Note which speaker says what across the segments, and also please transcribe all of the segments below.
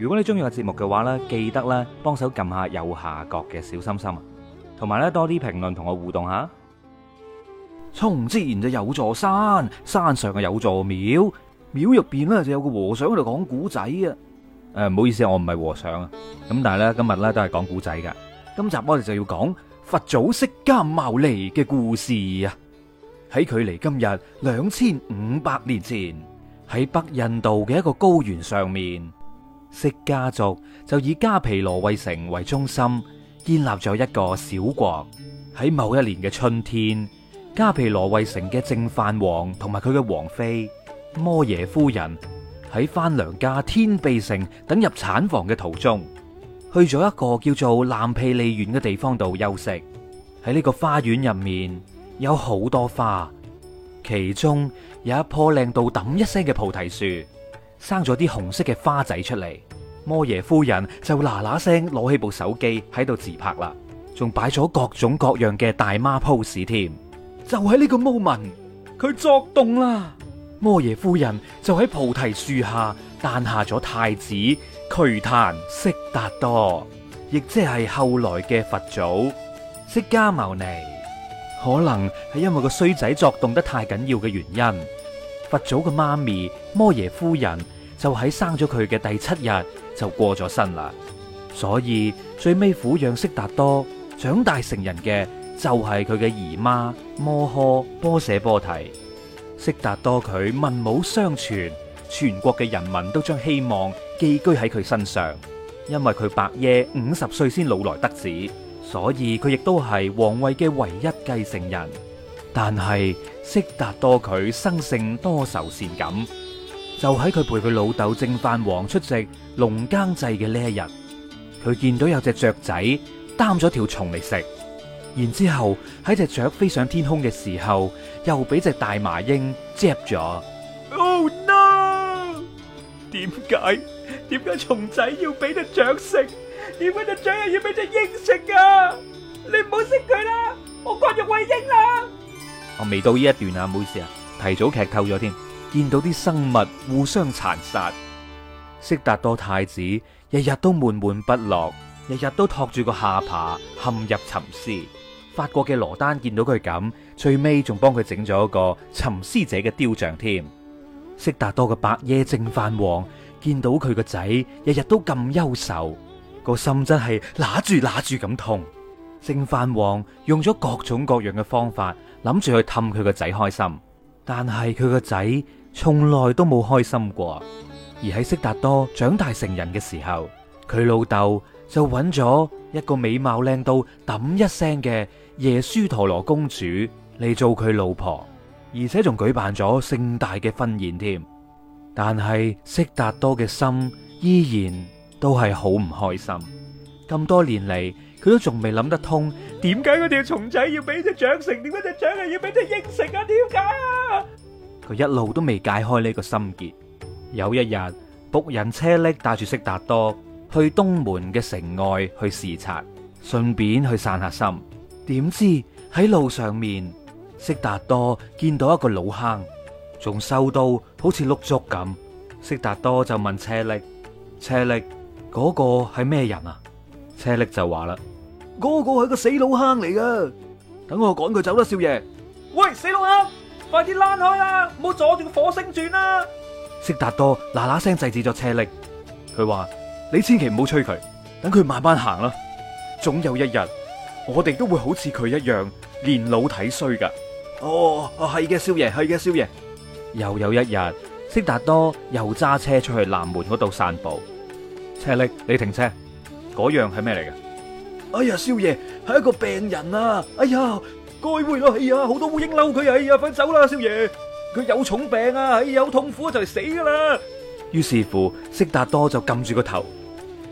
Speaker 1: 如果你中意個節目嘅話呢，記得咧幫手撳下右下角嘅小心心，同埋咧多啲評論同我互動下。從前就有座山，山上嘅有座廟，廟入邊咧就有個和尚喺度講古仔啊！誒、呃，唔好意思我唔係和尚啊，咁但係咧今日咧都係講古仔㗎。今集我哋就要講佛祖釋迦牟尼嘅故事啊！喺距離今日兩千五百年前，喺北印度嘅一個高原上面。色家族就以加皮羅衛城為中心建立咗一個小國。喺某一年嘅春天，加皮羅衛城嘅淨飯王同埋佢嘅王妃摩耶夫人喺返娘家天臂城等入產房嘅途中，去咗一個叫做藍毗尼園嘅地方度休息。喺呢個花園入面有好多花，其中有一棵靚到揼一聲嘅菩提樹。生咗啲紅色嘅花仔出嚟，摩耶夫人就嗱嗱聲攞起部手機喺度自拍啦，仲擺咗各種各樣嘅大媽 pose 添。就喺呢個 moment，佢作動啦。摩耶夫人就喺菩提樹下誕下咗太子瞿曇悉達多，亦即係後來嘅佛祖釋迦牟尼。可能係因為個衰仔作動得太緊要嘅原因。佛祖嘅媽咪摩耶夫人就喺生咗佢嘅第七日就過咗身啦，所以最尾撫養悉達多長大成人嘅就係佢嘅姨媽摩訶波舍波提。悉達多佢文武雙全，全國嘅人民都將希望寄居喺佢身上，因為佢白夜五十歲先老來得子，所以佢亦都係皇位嘅唯一繼承人。但係，悉達多佢生性多愁善感，就喺佢陪佢老豆淨飯王出席農耕祭嘅呢一日，佢見到有隻雀仔擔咗條蟲嚟食，然之後喺隻雀飛上天空嘅時候，又俾隻大麻鷹捉咗。Oh no！點解點解蟲仔要俾隻雀食？點解隻雀又要俾隻鷹食啊？你唔好食佢啦，我講。哦，未到呢一段啊，唔好意思啊，提早劇透咗添。見到啲生物互相殘殺，悉達多太子日日都悶悶不樂，日日都托住個下巴陷入沉思。法國嘅羅丹見到佢咁，最尾仲幫佢整咗一個沉思者嘅雕像添。悉達多嘅白夜正飯王見到佢個仔日日都咁憂愁，個心真係揦住揦住咁痛。正飯王用咗各種各樣嘅方法。諗住去氹佢個仔開心，但係佢個仔從來都冇開心過。而喺悉達多長大成人嘅時候，佢老豆就搵咗一個美貌靚到揼一聲嘅耶輸陀羅公主嚟做佢老婆，而且仲舉辦咗盛大嘅婚宴添。但係悉達多嘅心依然都係好唔開心，咁多年嚟，佢都仲未諗得通，點解嗰條蟲仔要俾隻雀食？點解隻雀要俾隻鷹食啊？點解？佢一路都未解開呢個心結。有一日，僕人車力帶住色達多去東門嘅城外去視察，順便去散下心。點知喺路上面，色達多見到一個老坑，仲瘦到好似碌竹咁。色達多就問車力，車力，嗰個係咩人啊？車力就話啦。嗰個係個死老坑嚟噶，等我趕佢走啦，少爺。喂，死老坑，快啲躝開啦，唔好阻住個火星轉啦。悉達多嗱嗱聲制止咗車力，佢話：你千祈唔好催佢，等佢慢慢行啦。總有一日，我哋都會好似佢一樣，年老體衰噶。哦，係嘅，少爺，係嘅，少爺。又有一日，悉達多又揸車出去南門嗰度散步。車力，你停車，嗰樣係咩嚟噶？哎呀，少爺係一個病人啊！哎呀，該會咯，係啊，好多烏蠅嬲佢，哎呀，快走啦，少爺，佢有重病啊，哎呀，有痛苦，就嚟死啦。於是乎，色達多就撳住個頭。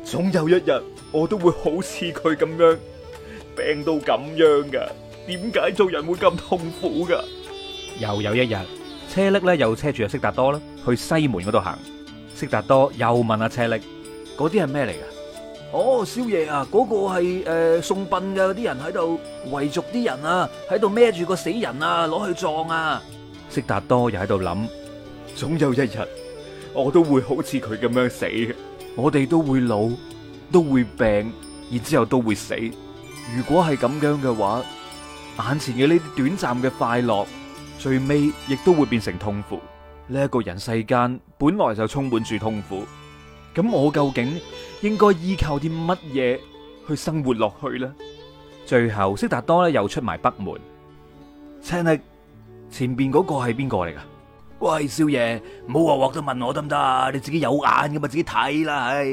Speaker 1: 總有一日，我都會好似佢咁樣病到咁樣噶。點解做人會咁痛苦噶？又有一日，車力咧又車住阿色達多啦，去西門嗰度行。色達多又問阿車力：嗰啲係咩嚟噶？哦，少爺啊，嗰個係誒送殯嘅啲人喺度，遺族啲人啊，喺度孭住個死人啊，攞去葬啊。悉達多又喺度諗，總有一日我都會好似佢咁樣死嘅，我哋都會老，都會病，然之後都會死。如果係咁樣嘅話，眼前嘅呢啲短暫嘅快樂，最尾亦都會變成痛苦。呢一個人世間本來就充滿住痛苦，咁我究竟？應該依靠啲乜嘢去生活落去咧？最後悉達多咧又出埋北門。陳力，前邊嗰個係邊個嚟噶？喂，少爺，唔好話話得問我得唔得？你自己有眼咁啊，自己睇啦。唉，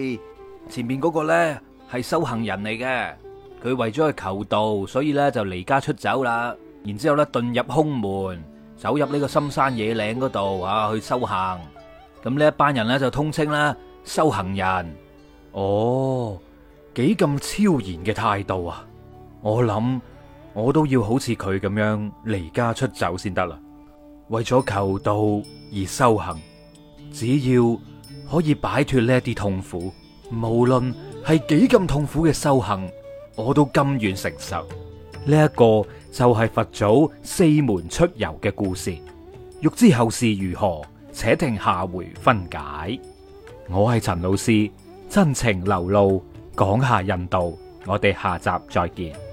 Speaker 1: 前邊嗰個咧係修行人嚟嘅，佢為咗去求道，所以咧就離家出走啦。然之後咧遁入空門，走入呢個深山野嶺嗰度吓去修行。咁呢一班人咧就通稱啦修行人。哦，幾咁超然嘅態度啊！我諗我都要好似佢咁樣離家出走先得啦。為咗求道而修行，只要可以擺脫呢一啲痛苦，無論係幾咁痛苦嘅修行，我都甘願承受。呢一個就係佛祖四門出遊嘅故事。欲知後事如何，且聽下回分解。我係陳老師。真情流露，講下印度，我哋下集再見。